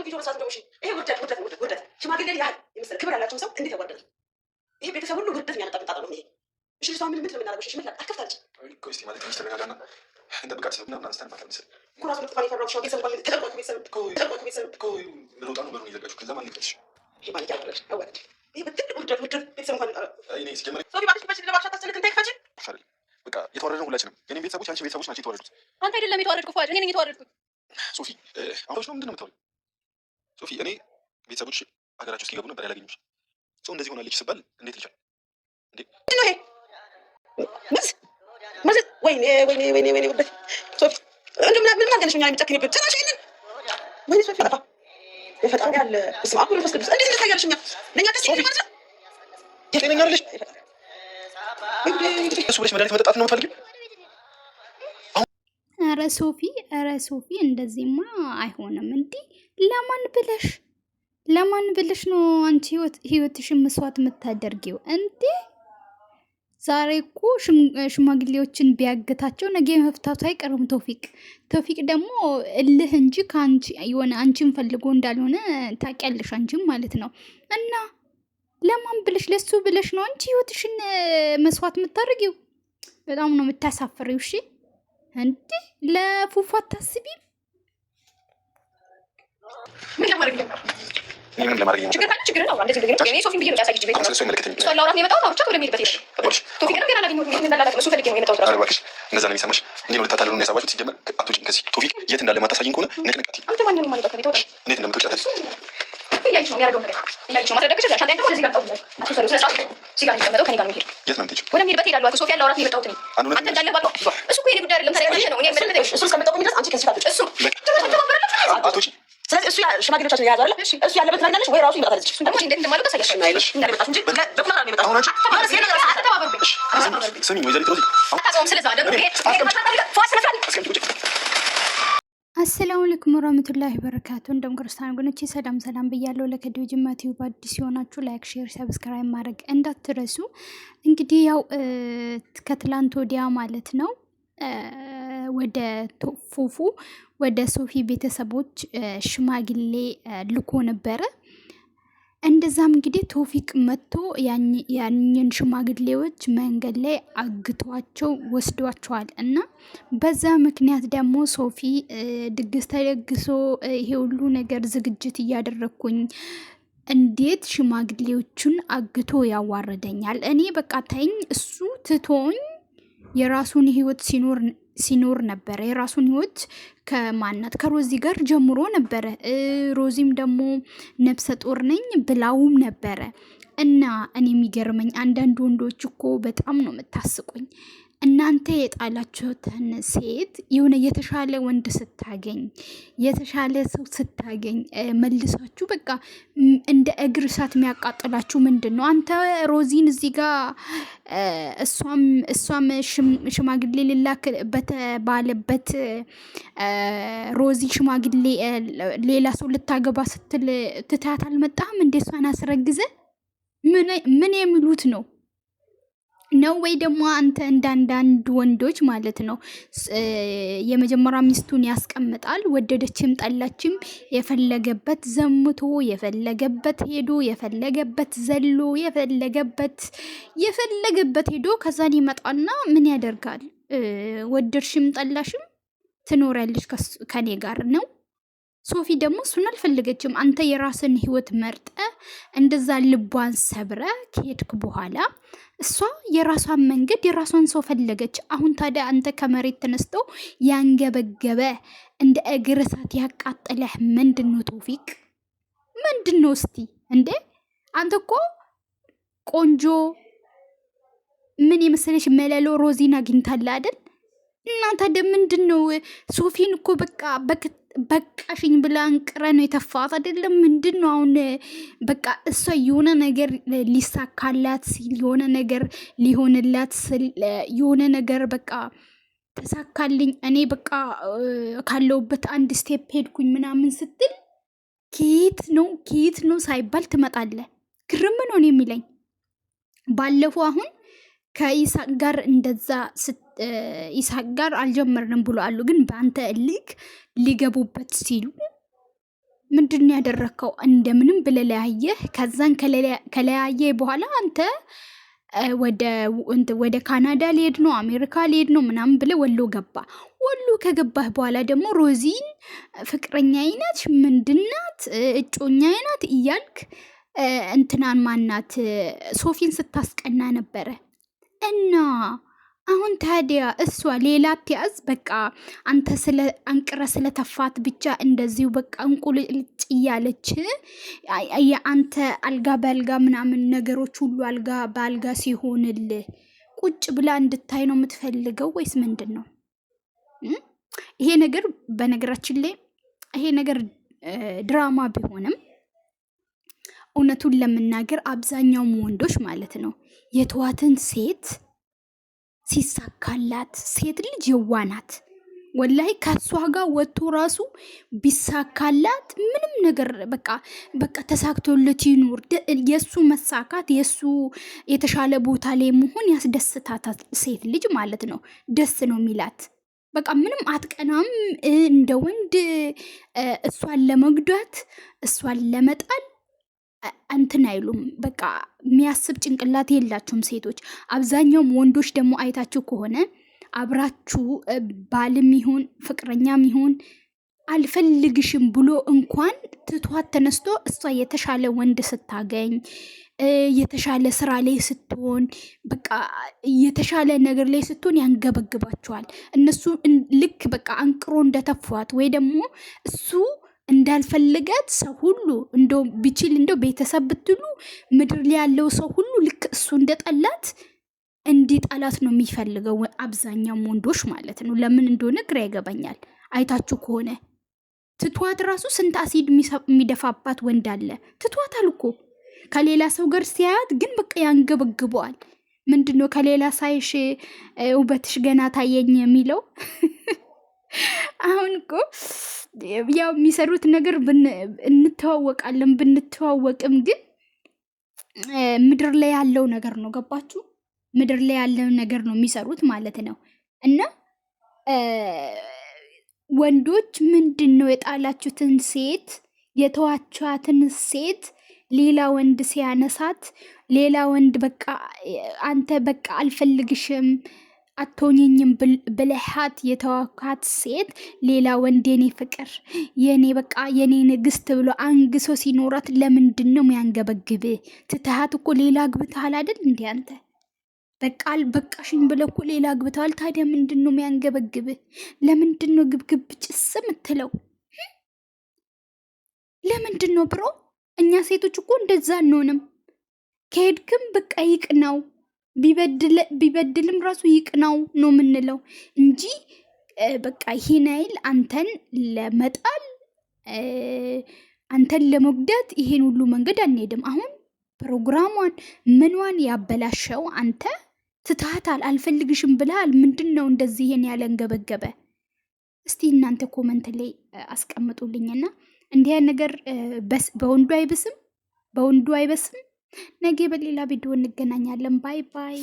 ደግሞ ቪዲዮ መስራት እንደውም ይሄ ውርደት ውርደት ውርደት ውርደት ሽማግሌ ያህል የመሰለ ክብር ያላቸውን ሰው እንዴት ያዋርዳል? ይሄ ቤተሰብ ሁሉ ውርደት የሚያመጣ ብጣጣ ነው። ይሄ እሺ፣ ምን ምን እሺ፣ ምን አንስተን ነው ይሄ ማለት ይሄ በትልቅ ቤተሰብ እንኳን ሰው ለባሽ አይደል በቃ የተዋረድነው ሁላችንም የኔም ቤተሰቦች አንቺ ቤተሰቦች ናቸው የተዋረዱት። አንተ አይደለም የተዋረድኩ ፏጭ እኔ ነኝ የተዋረድኩት። ሶፊ አሁን ነው ምንድን ነው የምታወሪው? ሶፊ እኔ ቤተሰቦች ሀገራቸው እስኪገቡ ነበር ያላገኙሽ። ሰው እንደዚህ ሆናለች ስባል እንዴት ልቻል? እሱ ብለሽ መድኃኒት መጠጣት ነው የምትፈልጊው? ኧረ ሶፊ ኧረ ሶፊ እንደዚህማ አይሆንም። እንዲህ ለማን ብለሽ ለማን ብለሽ ነው አንቺ ህይወትሽን መስዋዕት የምታደርጊው? እንዴ ዛሬ እኮ ሽማግሌዎችን ቢያግታቸው ነገ መፍታቱ አይቀርም። ቶፊቅ ቶፊቅ ደግሞ እልህ እንጂ ከአንቺ የሆነ አንቺን ፈልጎ እንዳልሆነ ታውቂያለሽ፣ አንቺም ማለት ነው። እና ለማን ብለሽ ለሱ ብለሽ ነው አንቺ ህይወትሽን መስዋዕት የምታደርጊው? በጣም ነው የምታሳፍሪው። እሺ እንዲህ ለፉፉ አታስቢም? የት እንዳለ ማታሳይኝ ከሆነ እያየች ነው የሚያደርገው ነገር እያየች ነው ማስረዳት ይችላል። ሻንጣ ያለው እዚህ ጋር ተውላል። አቶ ሰሩ ስለዚህ እዚህ ጋር የሚቀመጠው ከኔ ጋር ነው የሚሄድ የት ነው የምትሄጂው? ወደ የሚሄድበት እሄዳለሁ። አቶ ሶፊያ ለአውራት ነው የመጣሁት እኔ። አንተ እንዳለ ባለው እሱ እኮ የኔ ጉዳይ አይደለም። ታዲያ ነው እኔ የምልህ እሱ እስከመጣሁኝ ድረስ አንቺ ከዚህ ጋር እሱ አቶ ስለዚህ እሱ ሽማግሌዎቻችን የያዘ አለ እሱ ያለበት ነገር ወይ ራሱ ይመጣል። እዚህ ደግሞ እንዴት እንደማለው ታሳያሽ ነው አይልሽ እንደመጣሽ እንጂ በኩላ ነው የሚመጣው። አሁን ስሚ ወይዘሪት ሮዚ አታውቅም ስለዛ ደግሞ ሄድ ሄድ ማለት አለ ፏስ መስራት አሰላሙ አለይኩም ወራህመቱላሂ ወበረካቱ። እንደም ክርስቲያን ወገኖቼ ሰላም ሰላም ብያለሁ። ለከዲው ጅማት ዩብ አዲስ የሆናችሁ ላይክ፣ ሼር፣ ሰብስክራይብ ማድረግ እንዳትረሱ። እንግዲህ ያው ከትላንት ወዲያ ማለት ነው ወደ ፉፉ ወደ ሶፊ ቤተሰቦች ሽማግሌ ልኮ ነበረ። እንደዛም እንግዲህ ቶፊቅ መጥቶ ያንን ሽማግሌዎች መንገድ ላይ አግቷቸው ወስዷቸዋል እና በዛ ምክንያት ደግሞ ሶፊ ድግስ ተደግሶ ይሄ ሁሉ ነገር ዝግጅት እያደረግኩኝ እንዴት ሽማግሌዎቹን አግቶ ያዋረደኛል? እኔ በቃ ተይኝ፣ እሱ ትቶኝ የራሱን ህይወት ሲኖር ሲኖር ነበረ። የራሱን ህይወት ከማናት ከሮዚ ጋር ጀምሮ ነበረ። ሮዚም ደግሞ ነፍሰ ጡር ነኝ ብላውም ነበረ እና እኔ የሚገርመኝ አንዳንድ ወንዶች እኮ በጣም ነው የምታስቁኝ። እናንተ የጣላችሁትን ሴት የሆነ የተሻለ ወንድ ስታገኝ የተሻለ ሰው ስታገኝ መልሳችሁ በቃ እንደ እግር እሳት የሚያቃጥላችሁ ምንድን ነው? አንተ ሮዚን እዚህ ጋር እሷም ሽማግሌ ልላክ በተባለበት ሮዚ ሽማግሌ ሌላ ሰው ልታገባ ስትል ትታት አልመጣህም እንዴ? እሷን አስረግዘ ምን የሚሉት ነው? ነው ወይ ደግሞ አንተ እንዳንዳንድ ወንዶች ማለት ነው የመጀመሪያ ሚስቱን ያስቀምጣል። ወደደችም ጠላችም የፈለገበት ዘምቶ የፈለገበት ሄዶ የፈለገበት ዘሎ የፈለገበት የፈለገበት ሄዶ ከዛን ይመጣና ምን ያደርጋል? ወደድሽም ጠላሽም ትኖሪያለሽ ከኔ ጋር ነው ሶፊ ደግሞ እሱን አልፈለገችም። አንተ የራስን ህይወት መርጠ እንደዛ ልቧን ሰብረ ከሄድክ በኋላ እሷ የራሷን መንገድ የራሷን ሰው ፈለገች። አሁን ታዲያ አንተ ከመሬት ተነስተው ያንገበገበ እንደ እግር እሳት ያቃጠለህ ምንድን ነው ቶፊቅ? ምንድን ነው እስቲ እንዴ? አንተ እኮ ቆንጆ ምን የመሰለሽ መለሎ ሮዚን አግኝታለ አይደል? እናንተ ታዲያ ምንድን ነው ሶፊን እኮ በቃ በቃሽኝ ብላ አንቅረ ነው የተፋት አይደለም። ምንድን ነው አሁን በቃ እሷ የሆነ ነገር ሊሳካላት ሲል የሆነ ነገር ሊሆንላት ስል የሆነ ነገር በቃ ተሳካልኝ እኔ በቃ ካለውበት አንድ ስቴፕ ሄድኩኝ ምናምን ስትል ኬት ነው ኬት ነው ሳይባል ትመጣለ። ግርም ነው የሚለኝ ባለፈው አሁን ከኢሳቅ ጋር እንደዛ ኢሳቅ ጋር አልጀመርንም ብሎ አሉ። ግን በአንተ እልክ ሊገቡበት ሲሉ ምንድን ያደረግከው? እንደምንም ብለለያየህ። ከዛን ከለያየ በኋላ አንተ ወደ ካናዳ ሊሄድ ነው አሜሪካ ሊሄድ ነው ምናምን ብለ ወሎ ገባ። ወሎ ከገባህ በኋላ ደግሞ ሮዚን ፍቅረኛ አይነት ምንድናት እጮኛ አይነት እያልክ እንትናን ማናት ሶፊን ስታስቀና ነበረ። እና አሁን ታዲያ እሷ ሌላ ትያዝ። በቃ አንተ ስለ አንቅረ ስለተፋት ብቻ እንደዚሁ በቃ እንቁልጭ እያለች የአንተ አልጋ በአልጋ ምናምን ነገሮች ሁሉ አልጋ በአልጋ ሲሆንልህ ቁጭ ብላ እንድታይ ነው የምትፈልገው ወይስ ምንድን ነው ይሄ ነገር? በነገራችን ላይ ይሄ ነገር ድራማ ቢሆንም እውነቱን ለመናገር አብዛኛውም ወንዶች ማለት ነው የተዋትን ሴት ሲሳካላት ሴት ልጅ የዋናት ወላይ ከእሷ ጋር ወጥቶ ራሱ ቢሳካላት ምንም ነገር በቃ በቃ ተሳክቶለት ይኑር። የእሱ መሳካት የእሱ የተሻለ ቦታ ላይ መሆን ያስደስታታት ሴት ልጅ ማለት ነው። ደስ ነው የሚላት። በቃ ምንም አትቀናም እንደ ወንድ እሷን ለመጉዳት እሷን ለመጣል እንትን አይሉም። በቃ የሚያስብ ጭንቅላት የላችሁም ሴቶች። አብዛኛውም ወንዶች ደግሞ አይታችሁ ከሆነ አብራችሁ ባልም ይሁን ፍቅረኛም ይሁን አልፈልግሽም ብሎ እንኳን ትቷት ተነስቶ እሷ የተሻለ ወንድ ስታገኝ የተሻለ ስራ ላይ ስትሆን በቃ የተሻለ ነገር ላይ ስትሆን ያንገበግባቸዋል። እነሱ ልክ በቃ አንቅሮ እንደተፏት ወይ ደግሞ እሱ እንዳልፈለጋት ሰው ሁሉ እንደው ቢችል እንደው ቤተሰብ ብትሉ ምድር ላይ ያለው ሰው ሁሉ ልክ እሱ እንደጠላት እንዲጠላት ነው የሚፈልገው አብዛኛው ወንዶች ማለት ነው። ለምን እንደሆነ ግራ ይገባኛል። አይታችሁ ከሆነ ትቷት ራሱ ስንት አሲድ የሚደፋባት ወንድ አለ። ትቷት አልኮ ከሌላ ሰው ጋር ሲያያት ግን በቃ ያንገበግበዋል። ምንድን ነው ከሌላ ሳይሽ ውበትሽ ገና ታየኝ የሚለው አሁን እኮ ያው የሚሰሩት ነገር እንተዋወቃለን ብንተዋወቅም ግን ምድር ላይ ያለው ነገር ነው። ገባችሁ? ምድር ላይ ያለው ነገር ነው የሚሰሩት ማለት ነው። እና ወንዶች ምንድን ነው የጣላችሁትን ሴት የተዋችኋትን ሴት ሌላ ወንድ ሲያነሳት ሌላ ወንድ በቃ አንተ በቃ አልፈልግሽም አትሆኝኝም ብልሃት የተዋካት ሴት ሌላ ወንድ የኔ ፍቅር የኔ በቃ የኔ ንግስት ብሎ አንግሶ ሲኖራት ለምንድን ነው ያንገበግብ? ትተሃት እኮ ሌላ አግብተሃል አይደል? እንዲ አንተ በቃል በቃሽኝ ብለ እኮ ሌላ አግብተሃል። ታዲያ ምንድን ነው ያንገበግብ? ለምንድን ነው ግብግብ ጭስ ምትለው? ለምንድን ነው ብሮ? እኛ ሴቶች እኮ እንደዛ አንሆንም። ከሄድክም በቃ ይቅ ነው ቢበድልም ራሱ ይቅናው ነው የምንለው እንጂ በቃ ይሄን ያህል አንተን ለመጣል አንተን ለመጉዳት ይሄን ሁሉ መንገድ አንሄድም። አሁን ፕሮግራሟን ምኗን ያበላሸው አንተ ትታታል አልፈልግሽም ብልሃል። ምንድን ነው እንደዚህ ይሄን ያለንገበገበ? እስቲ እናንተ ኮመንት ላይ አስቀምጡልኝና እንዲህ ነገር በወንዱ አይብስም፣ በወንዱ አይበስም። ነገ በሌላ ቪዲዮ እንገናኛለን። ባይ ባይ።